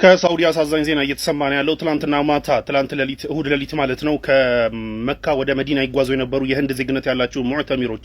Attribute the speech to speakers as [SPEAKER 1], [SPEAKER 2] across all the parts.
[SPEAKER 1] ከሳውዲ አሳዛኝ ዜና እየተሰማ ነው ያለው። ትላንትና ማታ ትላንት ሌሊት እሁድ ሌሊት ማለት ነው ከመካ ወደ መዲና ይጓዙ የነበሩ የህንድ ዜግነት ያላቸው ሙዕተሚሮች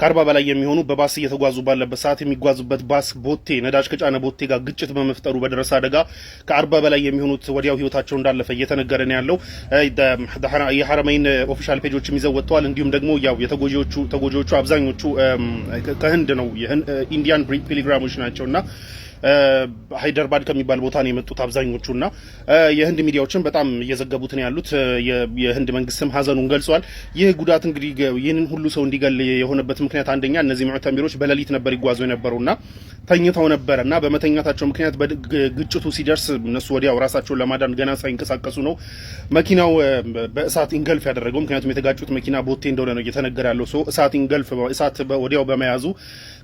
[SPEAKER 1] ከአርባ በላይ የሚሆኑ በባስ እየተጓዙ ባለበት ሰዓት የሚጓዙበት ባስ ቦቴ ነዳጅ ከጫነ ቦቴ ጋር ግጭት በመፍጠሩ በደረሰ አደጋ ከአርባ በላይ የሚሆኑት ወዲያው ህይወታቸው እንዳለፈ እየተነገረ ነው ያለው። የሐረመይን ኦፊሻል ፔጆች ይዘው ወጥተዋል። እንዲሁም ደግሞ ያው የተጎጂዎቹ ተጎጂዎቹ አብዛኞቹ ከህንድ ነው ኢንዲያን ፒሊግራሞች ናቸው እና ሀይደርባድ ከሚባል ቦታ ነው የመጡት አብዛኞቹ እና የህንድ ሚዲያዎችን በጣም እየዘገቡት ነው ያሉት። የህንድ መንግስትም ሀዘኑን ገልጿል። ይህ ጉዳት እንግዲህ ይህንን ሁሉ ሰው እንዲገል የሆነበት ምክንያት አንደኛ እነዚህ ሙዕተሚሮች በሌሊት ነበር ይጓዙ የነበሩና ተኝተው ነበረ እና በመተኛታቸው ምክንያት ግጭቱ ሲደርስ እነሱ ወዲያው ራሳቸውን ለማዳን ገና ሳይንቀሳቀሱ ነው መኪናው በእሳት ኢንገልፍ ያደረገው። ምክንያቱም የተጋጩት መኪና ቦቴ እንደሆነ ነው እየተነገረ ያለው። ሰው እሳት ኢንገልፍ እሳት ወዲያው በመያዙ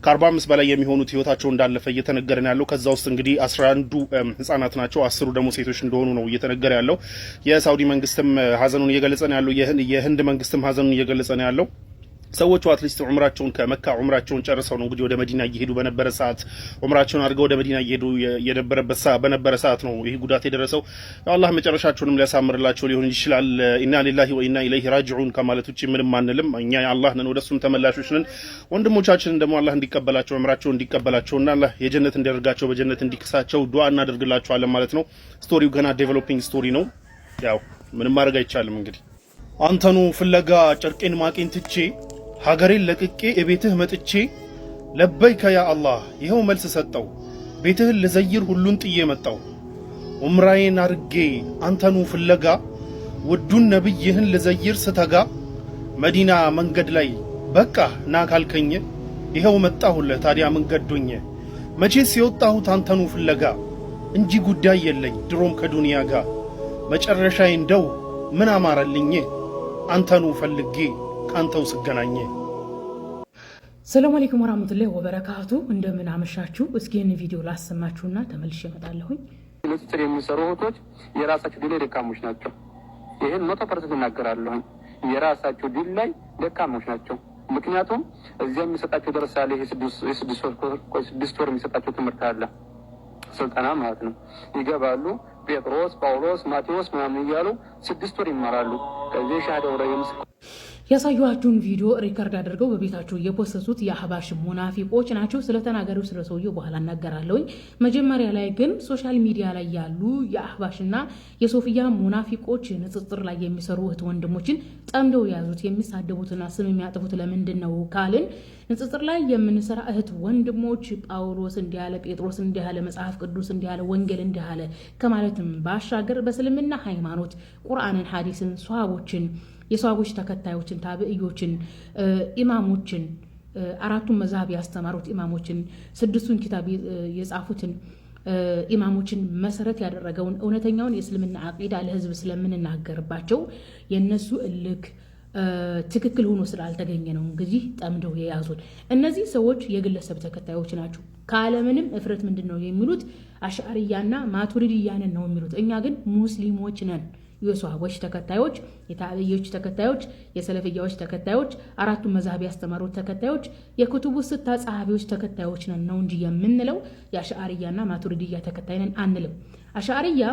[SPEAKER 1] ከ45 በላይ የሚሆኑት ህይወታቸው እንዳለፈ እየተነገረ ያለው። ከዛ ውስጥ እንግዲህ አስራ አንዱ ህጻናት ናቸው፣ አስሩ ደግሞ ሴቶች እንደሆኑ ነው እየተነገረ ያለው። የሳውዲ መንግስትም ሀዘኑን እየገለጸ ነው ያለው። የህንድ መንግስትም ሀዘኑን እየገለጸ ነው ያለው። ሰዎቹ አትሊስት ዑምራቸውን ከመካ ዑምራቸውን ጨርሰው ነው እንግዲህ ወደ መዲና እየሄዱ በነበረ ሰዓት ዑምራቸውን አድርገው ወደ መዲና እየሄዱ የነበረበት በነበረ ሰዓት ነው ይህ ጉዳት የደረሰው። አላህ መጨረሻቸውንም ሊያሳምርላቸው ሊሆን ይችላል። ኢና ሊላሂ ወኢና ኢለይሂ ራጅዑን ከማለት ውጭ ምንም አንልም። እኛ አላህ ነን፣ ወደሱም ተመላሾች ነን። ወንድሞቻችንን ደግሞ አላህ እንዲቀበላቸው እንዲቀበላቸው እና አላህ የጀነት እንዲያደርጋቸው በጀነት እንዲክሳቸው ዱዓ እናደርግላቸዋለን ማለት ነው። ስቶሪው ገና ዴቨሎፒንግ ስቶሪ ነው። ያው ምንም ማድረግ አይቻልም እንግዲህ አንተኑ ፍለጋ ጨርቄን ማቄን ትቼ ሀገሬን ለቅቄ የቤትህ መጥቼ ለበይከ ያ አላህ ይኸው መልስ ሰጠው። ቤትህን ልዘይር ሁሉን ጥዬ መጣው። ዑምራዬን አርጌ አንተኑ ፍለጋ ውዱን ነቢይህን ልዘይር ስተጋ መዲና መንገድ ላይ በቃ ና ካልከኘ ይኸው መጣሁለ ታዲያ መንገዶኘ ገዶኘ። መቼስ የወጣሁት አንተኑ ፍለጋ እንጂ ጉዳይ የለኝ ድሮም ከዱንያ ጋር መጨረሻዬ እንደው ምን አማረልኝ አንተኑ ፈልጌ አንተው ስገናኘ
[SPEAKER 2] ሰላም አለይኩም ወራህመቱላሂ ወበረካቱ። እንደምን አመሻችሁ። እስኪ ይህን ቪዲዮ ላሰማችሁና ተመልሼ እመጣለሁኝ።
[SPEAKER 3] ሚኒስትር የሚሰሩ እህቶች የራሳቸው ዲላይ ደካሞች ናቸው። ይህን መቶ ፐርሰንት እናገራለሁኝ። የራሳቸው ዲላይ ደካሞች ናቸው። ምክንያቱም እዚያ የሚሰጣቸው ደርሳሌ የስድስት ወር የሚሰጣቸው ትምህርት አለ ስልጠና ማለት ነው። ይገባሉ ጴጥሮስ፣ ጳውሎስ፣ ማቴዎስ ምናምን እያሉ ስድስት ወር ይማራሉ። ከዚህ ሻህደ ወረ የምስ
[SPEAKER 2] ያሳዩችሁን ቪዲዮ ሪከርድ አድርገው በቤታቸው እየፖሰሱት የአህባሽ ሙናፊቆች ናቸው። ስለተናገሪው ስለሰውየ በኋላ እናገራለሁኝ። መጀመሪያ ላይ ግን ሶሻል ሚዲያ ላይ ያሉ የአህባሽና የሶፊያ ሙናፊቆች ንጽጽር ላይ የሚሰሩ እህት ወንድሞችን ጠምደው የያዙት የሚሳደቡትና ስም የሚያጥፉት ለምንድን ነው ካልን ንጽጽር ላይ የምንሰራ እህት ወንድሞች ጳውሎስ እንዲያለ ጴጥሮስ እንዲያለ መጽሐፍ ቅዱስ እንዲያለ ወንጌል እንዲያለ ከማለትም ባሻገር በእስልምና ሃይማኖት ቁርአንን፣ ሐዲስን፣ ሰሃቦችን የሰዋጎች ተከታዮችን ታብዕዮችን ኢማሞችን አራቱን መዛሀብ ያስተማሩት ኢማሞችን ስድስቱን ኪታብ የጻፉትን ኢማሞችን መሰረት ያደረገውን እውነተኛውን የእስልምና አቂዳ ለህዝብ ስለምንናገርባቸው የእነሱ እልክ ትክክል ሆኖ ስላልተገኘ ነው እንግዲህ ጠምደው የያዙት። እነዚህ ሰዎች የግለሰብ ተከታዮች ናቸው። ከአለምንም እፍረት ምንድን ነው የሚሉት? አሻርያና ማቱሪድያንን ነው የሚሉት። እኛ ግን ሙስሊሞች ነን። የሷሃቦች ተከታዮች፣ የታብዮች ተከታዮች፣ የሰለፍያዎች ተከታዮች፣ አራቱ መዛህብ ያስተማሩት ተከታዮች፣ የክቱቡ ስታ ጸሐፊዎች ተከታዮች ነን ነው እንጂ የምንለው የአሻአርያና ማቱሪድያ ተከታይ ነን አንልም። አሻአርያ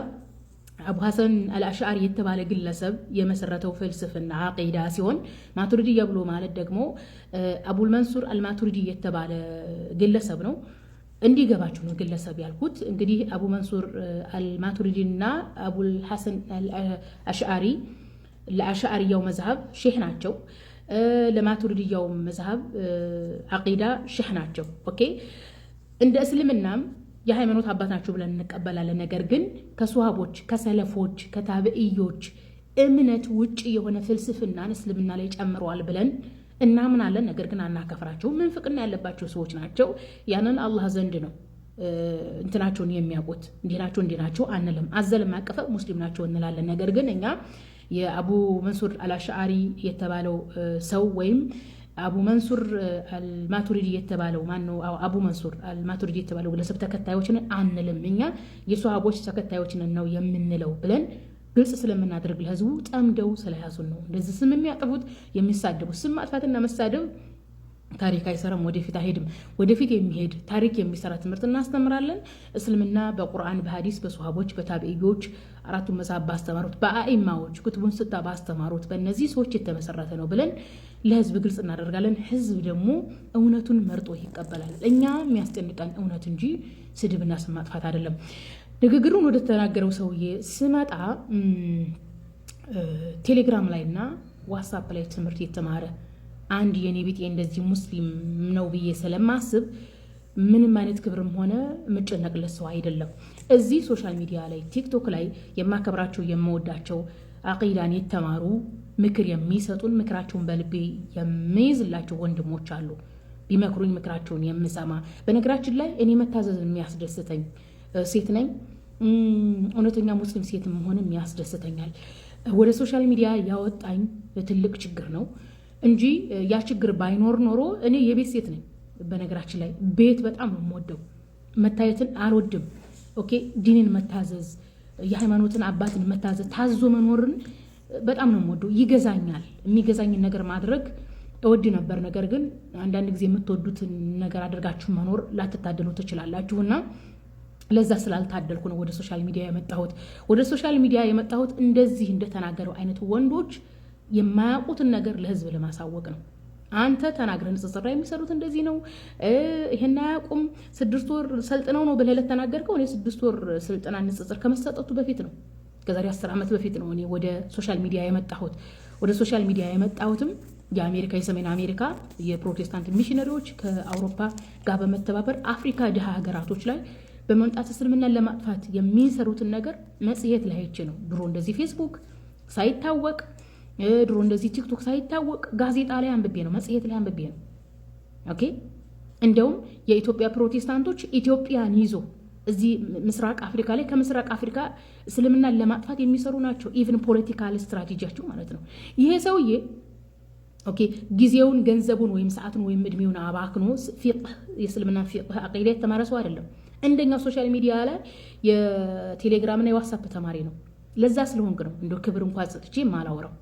[SPEAKER 2] አቡ ሐሰን አልአሽዓሪ የተባለ ግለሰብ የመሰረተው ፍልስፍና አቂዳ ሲሆን ማቱሪድያ ብሎ ማለት ደግሞ አቡልመንሱር አልማቱሪዲ የተባለ ግለሰብ ነው። እንዲገባችሁ ነው ግለሰብ ያልኩት። እንግዲህ አቡ መንሱር አልማቱሪዲ እና አቡል ሐሰን አሽአሪ ለአሽአሪያው መዝሀብ ሼህ ናቸው። ለማቱሪድያው መዝሀብ አቂዳ ሼህ ናቸው። ኦኬ እንደ እስልምናም የሃይማኖት አባት ናቸው ብለን እንቀበላለን። ነገር ግን ከሱሃቦች ከሰለፎች ከታብዕዮች እምነት ውጭ የሆነ ፍልስፍናን እስልምና ላይ ጨምረዋል ብለን እናምናለን፣ ነገር ግን አናከፍራቸው ምንፍቅና ያለባቸው ሰዎች ናቸው። ያንን አላህ ዘንድ ነው እንትናቸውን የሚያውቁት። እንዲህ ናቸው እንዲህ ናቸው አንልም። አዘልም አቀፈ ሙስሊም ናቸው እንላለን። ነገር ግን እኛ የአቡ መንሱር አላሻአሪ የተባለው ሰው ወይም አቡ መንሱር አልማቱሪዲ የተባለው ማነው? አቡ መንሱር አልማቱሪዲ የተባለው ግለሰብ ተከታዮችን አንልም። እኛ የሰሃቦች ተከታዮችን ነው የምንለው ብለን ግልጽ ስለምናደርግ ለህዝቡ ጠምደው ስለያዙን ነው እንደዚህ ስም የሚያጠፉት የሚሳደቡት። ስም ማጥፋትና መሳደብ ታሪክ አይሰራም፣ ወደፊት አይሄድም። ወደፊት የሚሄድ ታሪክ የሚሰራ ትምህርት እናስተምራለን። እስልምና በቁርአን በሀዲስ በሶሃቦች በታቢዒዎች አራቱ መጽሐፍ ባስተማሩት በአኢማዎች ክትቡን ስታ ባስተማሩት በእነዚህ ሰዎች የተመሰረተ ነው ብለን ለህዝብ ግልጽ እናደርጋለን። ህዝብ ደግሞ እውነቱን መርጦ ይቀበላል። እኛ የሚያስጨንቀን እውነት እንጂ ስድብና ስም ማጥፋት አይደለም። ንግግሩን ወደ ተናገረው ሰውዬ ስመጣ ቴሌግራም ላይ እና ዋትሳፕ ላይ ትምህርት የተማረ አንድ የኔ ቢጤ እንደዚህ ሙስሊም ነው ብዬ ስለማስብ ምንም አይነት ክብርም ሆነ የምጨነቅለት ሰው አይደለም። እዚህ ሶሻል ሚዲያ ላይ ቲክቶክ ላይ የማከብራቸው የምወዳቸው አቂዳን የተማሩ ምክር የሚሰጡን ምክራቸውን በልቤ የሚይዝላቸው ወንድሞች አሉ። ቢመክሩኝ ምክራቸውን የምሰማ በነገራችን ላይ እኔ መታዘዝን የሚያስደስተኝ ሴት ነኝ። እውነተኛ ሙስሊም ሴት መሆንም ያስደስተኛል። ወደ ሶሻል ሚዲያ ያወጣኝ ትልቅ ችግር ነው እንጂ ያ ችግር ባይኖር ኖሮ እኔ የቤት ሴት ነኝ። በነገራችን ላይ ቤት በጣም ነው የምወደው። መታየትን አልወድም። ኦኬ ዲንን መታዘዝ፣ የሃይማኖትን አባትን መታዘዝ፣ ታዞ መኖርን በጣም ነው የምወደው። ይገዛኛል። የሚገዛኝን ነገር ማድረግ እወድ ነበር። ነገር ግን አንዳንድ ጊዜ የምትወዱትን ነገር አድርጋችሁ መኖር ላትታደሉ ትችላላችሁና ለዛ ስላልታደልኩ ነው ወደ ሶሻል ሚዲያ የመጣሁት። ወደ ሶሻል ሚዲያ የመጣሁት እንደዚህ እንደተናገረው አይነት ወንዶች የማያውቁትን ነገር ለህዝብ ለማሳወቅ ነው። አንተ ተናግረህ ንጽጽር የሚሰሩት እንደዚህ ነው፣ ይሄን አያውቁም፣ ስድስት ወር ሰልጥነው ነው ብለህ ለተናገርከው እኔ ስድስት ወር ስልጠና ንጽጽር ከመሰጠቱ በፊት ነው ከዛሬ አስር ዓመት በፊት ነው እኔ ወደ ሶሻል ሚዲያ የመጣሁት። ወደ ሶሻል ሚዲያ የመጣሁትም የአሜሪካ የሰሜን አሜሪካ የፕሮቴስታንት ሚሽነሪዎች ከአውሮፓ ጋር በመተባበር አፍሪካ ድሃ ሀገራቶች ላይ በመምጣት እስልምናን ለማጥፋት የሚሰሩትን ነገር መጽሔት ላይ አይቼ ነው። ድሮ እንደዚህ ፌስቡክ ሳይታወቅ ድሮ እንደዚህ ቲክቶክ ሳይታወቅ ጋዜጣ ላይ አንብቤ ነው፣ መጽሔት ላይ አንብቤ ነው። ኦኬ እንደውም የኢትዮጵያ ፕሮቴስታንቶች ኢትዮጵያን ይዞ እዚህ ምስራቅ አፍሪካ ላይ ከምስራቅ አፍሪካ እስልምናን ለማጥፋት የሚሰሩ ናቸው። ኢቭን ፖለቲካል ስትራቴጂያቸው ማለት ነው። ይሄ ሰውዬ ኦኬ ጊዜውን፣ ገንዘቡን ወይም ሰዓቱን ወይም እድሜውን አባክኖ የእስልምና ፊቅህ አቂዳ የተማረ ሰው አይደለም። እንደኛው ሶሻል ሚዲያ ላይ የቴሌግራምና የዋትሳፕ ተማሪ ነው። ለዛ ስለሆንክ ነው እንደ ክብር እንኳ ጽጥቼ ማላወራው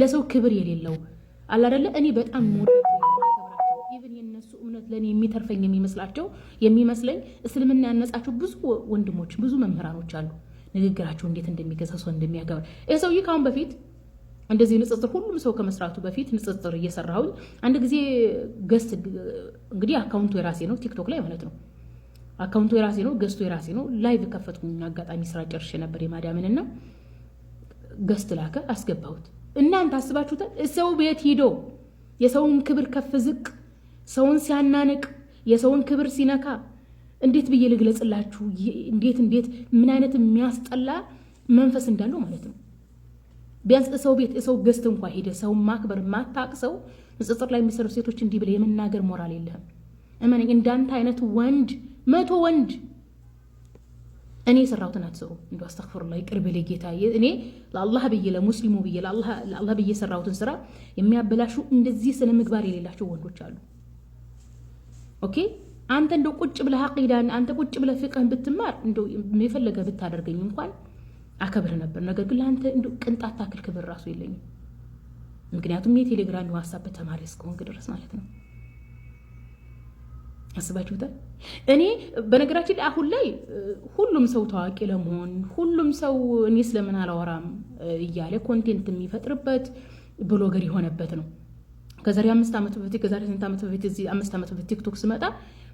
[SPEAKER 2] ለሰው ክብር የሌለው አላደለ። እኔ በጣም ኢቨን የነሱ እምነት ለእኔ የሚተርፈኝ የሚመስላቸው የሚመስለኝ እስልምና ያነጻቸው ብዙ ወንድሞች ብዙ መምህራኖች አሉ። ንግግራቸው እንዴት እንደሚገዛ ሰው እንደሚያገብር ይህ ሰውዬ ከአሁን በፊት እንደዚህ ንጽጽር ሁሉም ሰው ከመስራቱ በፊት ንጽጽር እየሰራሁኝ አንድ ጊዜ ገስት እንግዲህ አካውንቱ የራሴ ነው ቲክቶክ ላይ ማለት ነው አካውንቱ የራሴ ነው፣ ገዝቱ የራሴ ነው። ላይቭ ከፈትኩኝ አጋጣሚ ስራ ጨርሼ ነበር የማዳምንና ገስት ላከ አስገባሁት። እናንተ አስባችሁታል? ሰው ቤት ሂዶ የሰውን ክብር ከፍ ዝቅ፣ ሰውን ሲያናንቅ፣ የሰውን ክብር ሲነካ እንዴት ብዬ ልግለጽላችሁ? እንዴት እንዴት ምን አይነት የሚያስጠላ መንፈስ እንዳለው ማለት ነው። ቢያንስ ሰው ቤት ሰው ገስት እንኳ ሄደ ሰውን ማክበር ማታቅ ሰው ንጽጽር ላይ የሚሰሩ ሴቶች እንዲህ ብለ የመናገር ሞራል የለህም። እመነኝ እንዳንተ አይነት ወንድ መቶ ወንድ እኔ የሰራሁትን አትሰሩ። እንዲ አስተክፍሩላ ይቅር በለኝ ጌታ። እኔ ለአላህ ብዬ ለሙስሊሙ ብዬ ለአላህ ብዬ የሰራሁትን ስራ የሚያበላሹ እንደዚህ ስነ ምግባር የሌላቸው ወንዶች አሉ። ኦኬ አንተ እንደው ቁጭ ብለህ አቂዳን አንተ ቁጭ ብለህ ፍቅህን ብትማር እንደው የፈለገ ብታደርገኝ እንኳን አከብር ነበር። ነገር ግን ለአንተ እንደው ቅንጣት ታክል ክብር ራሱ የለኝም። ምክንያቱም የቴሌግራም የዋሳበት ተማሪ እስከሆንክ ድረስ ማለት ነው። አስባችሁታል? እኔ በነገራችን ላይ አሁን ላይ ሁሉም ሰው ታዋቂ ለመሆን ሁሉም ሰው እኔ ስለምን አላወራም እያለ ኮንቴንት የሚፈጥርበት ብሎገር የሆነበት ነው። ከዛሬ አምስት ዓመት በፊት ከዛሬ ስንት ዓመት በፊት እዚህ አምስት ዓመት በፊት ቲክቶክ ስመጣ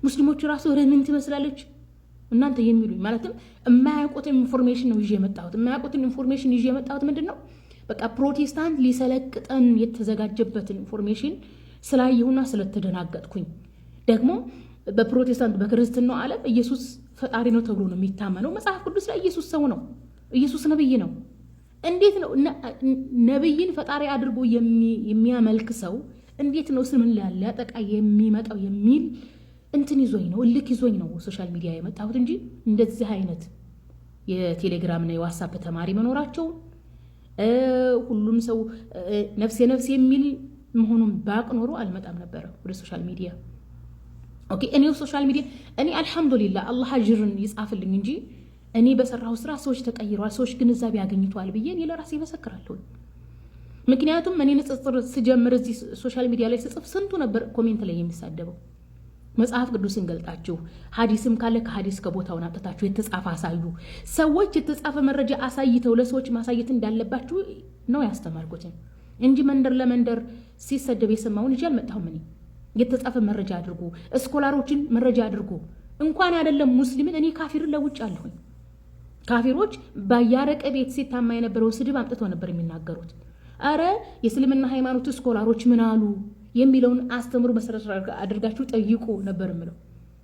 [SPEAKER 2] ሙስሊሞቹ ራሱ ምን ትመስላለች እናንተ የሚሉኝ ማለትም የማያውቁትን ኢንፎርሜሽን ነው ይዤ የመጣሁት። የማያውቁትን ኢንፎርሜሽን ይዤ የመጣሁት ምንድን ነው? በቃ ፕሮቴስታንት ሊሰለቅጠን የተዘጋጀበትን ኢንፎርሜሽን ስላየሁና ስለተደናገጥኩኝ ደግሞ በፕሮቴስታንት በክርስትናው ዓለም ኢየሱስ ፈጣሪ ነው ተብሎ ነው የሚታመነው። መጽሐፍ ቅዱስ ላይ ኢየሱስ ሰው ነው፣ ኢየሱስ ነብይ ነው። እንዴት ነው ነብይን ፈጣሪ አድርጎ የሚያመልክ ሰው እንዴት ነው ስምን ሊያጠቃ የሚመጣው የሚል እንትን ይዞኝ ነው እልክ ይዞኝ ነው ሶሻል ሚዲያ የመጣሁት እንጂ እንደዚህ አይነት የቴሌግራምና የዋትሳፕ ተማሪ መኖራቸውን ሁሉም ሰው ነፍሴ ነፍሴ የሚል መሆኑን ባቅ ኖሮ አልመጣም ነበረ ወደ ሶሻል ሚዲያ። ኦኬ እኔ ሶሻል ሚዲያ እኔ አልሐምዱሊላ አላህ አጅርን ይጻፍልኝ እንጂ እኔ በሰራው ስራ ሰዎች ተቀይረዋል፣ ሰዎች ግንዛቤ አገኝተዋል ብዬ እኔ ለራሴ ይመሰክራለሁ። ምክንያቱም እኔ ንጽጽር ስጀምር እዚህ ሶሻል ሚዲያ ላይ ስጽፍ ስንቱ ነበር ኮሜንት ላይ የሚሳደበው። መጽሐፍ ቅዱስን ገልጣችሁ ሀዲስም ካለ ከሀዲስ ከቦታውን አውጥታችሁ የተጻፈ አሳዩ። ሰዎች የተጻፈ መረጃ አሳይተው ለሰዎች ማሳየት እንዳለባችሁ ነው ያስተማርኩትን እንጂ መንደር ለመንደር ሲሰደብ የሰማውን ይዤ አልመጣሁም እኔ የተጻፈ መረጃ አድርጉ፣ እስኮላሮችን መረጃ አድርጉ። እንኳን አይደለም ሙስሊምን እኔ ካፊርን ለውጭ አለሁኝ። ካፊሮች በያረቀ ቤት ሲታማ የነበረው ስድብ አምጥተው ነበር የሚናገሩት። አረ የእስልምና ሃይማኖት እስኮላሮች ምን አሉ የሚለውን አስተምሩ መሰረት አድርጋችሁ ጠይቁ ነበር የምለው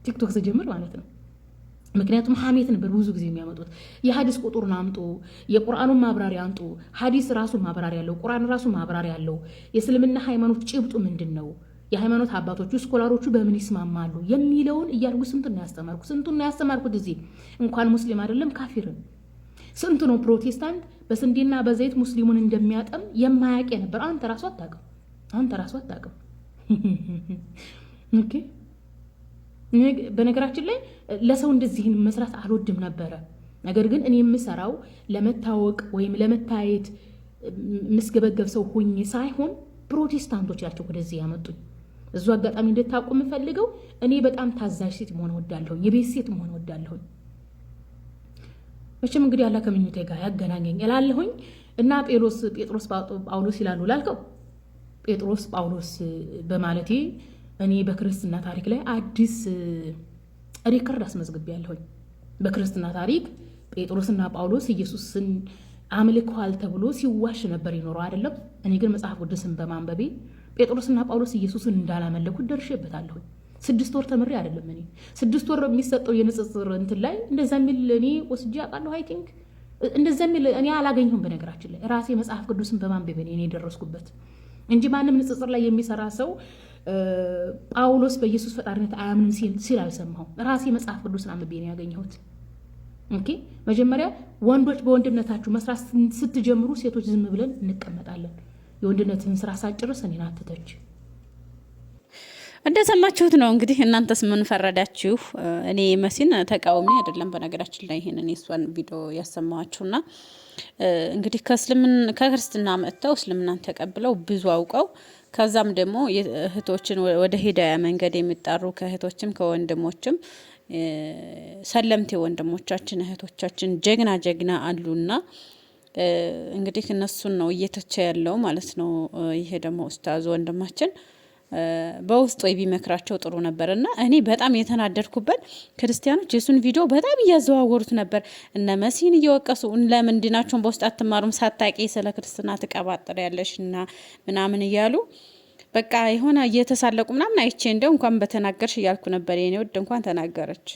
[SPEAKER 2] ቲክቶክ ስጀምር ማለት ነው። ምክንያቱም ሀሜት ነበር ብዙ ጊዜ የሚያመጡት። የሀዲስ ቁጥሩን አምጡ፣ የቁርአኑን ማብራሪያ አምጡ። ሀዲስ ራሱ ማብራሪ ያለው፣ ቁርአን ራሱ ማብራሪያ አለው። የእስልምና ሃይማኖት ጭብጡ ምንድን ነው? የሃይማኖት አባቶቹ ስኮላሮቹ በምን ይስማማሉ የሚለውን እያልኩ ስንቱን ነው ያስተማርኩ ስንቱን ነው ያስተማርኩት። እዚህ እንኳን ሙስሊም አይደለም ካፊርን ስንቱ ነው ፕሮቴስታንት በስንዴና በዘይት ሙስሊሙን እንደሚያጠም የማያውቅ ነበር። አንተ ራሱ አታውቅም፣ አንተ ራሱ አታውቅም። በነገራችን ላይ ለሰው እንደዚህን መስራት አልወድም ነበረ። ነገር ግን እኔ የምሰራው ለመታወቅ ወይም ለመታየት ምስገበገብ ሰው ሆኜ ሳይሆን ፕሮቴስታንቶች ናቸው ወደዚህ ያመጡኝ። እዙ አጋጣሚ እንድታውቁ የምፈልገው እኔ በጣም ታዛዥ ሴት መሆን ወዳለሁኝ፣ የቤት ሴት መሆን ወዳለሁኝ። መቼም እንግዲህ አላ ከምኞቴ ጋር ያገናኘኝ እላለሁኝ እና ጴሎስ ጴጥሮስ ጳውሎስ ይላሉ ላልከው ጴጥሮስ ጳውሎስ በማለቴ እኔ በክርስትና ታሪክ ላይ አዲስ ሪከርድ አስመዝግቤያለሁኝ። በክርስትና ታሪክ ጴጥሮስና ጳውሎስ ኢየሱስን አምልከዋል ተብሎ ሲዋሽ ነበር ይኖረው አይደለም። እኔ ግን መጽሐፍ ቅዱስን በማንበቤ ጴጥሮስና ጳውሎስ ኢየሱስን እንዳላመለኩት ደርሼበታለሁ። ስድስት ወር ተምሬ አይደለም እኔ ስድስት ወር የሚሰጠው የንጽጽር እንትን ላይ እንደዛ የሚል እኔ ወስጄ አውቃለሁ። አይ ቲንክ እንደዛ የሚል እኔ አላገኘሁም። በነገራችን ላይ ራሴ መጽሐፍ ቅዱስን በማንበብ እኔ የደረስኩበት እንጂ ማንም ንጽጽር ላይ የሚሰራ ሰው ጳውሎስ በኢየሱስ ፈጣሪነት አያምንም ሲል አልሰማሁም። ራሴ መጽሐፍ ቅዱስን አንብቤ ነው ያገኘሁት። ኦኬ መጀመሪያ ወንዶች በወንድነታችሁ መስራት ስትጀምሩ ሴቶች ዝም ብለን እንቀመጣለን። የወንድነትን ስራ ሳጨርስ እኔን አትተች።
[SPEAKER 4] እንደሰማችሁት ነው እንግዲህ። እናንተስ ምን ፈረዳችሁ? እኔ መሲን ተቃውሚ አይደለም በነገራችን ላይ ይህንን የእሷን ቪዲዮ ና እንግዲህ ከክርስትና መጥተው እስልምናን ተቀብለው ብዙ አውቀው ከዛም ደግሞ እህቶችን ወደ ሂዳያ መንገድ የሚጣሩ ከእህቶችም ከወንድሞችም ሰለምቴ ወንድሞቻችን እህቶቻችን ጀግና ጀግና አሉና እንግዲህ እነሱን ነው እየተቸ ያለው ማለት ነው። ይሄ ደግሞ ኡስታዝ ወንድማችን በውስጡ ቢመክራቸው ጥሩ ነበር እና እኔ በጣም የተናደድኩበት ክርስቲያኖች የሱን ቪዲዮ በጣም እያዘዋወሩት ነበር። እነ መሲን እየወቀሱ ለምንድናቸውን በውስጥ አትማሩም ሳታቂ ስለ ክርስትና ትቀባጥር ያለሽ እና ምናምን እያሉ በቃ የሆነ እየተሳለቁ ምናምን አይቼ እንደው እንኳን በተናገርሽ እያልኩ ነበር። የኔ ውድ እንኳን ተናገረች።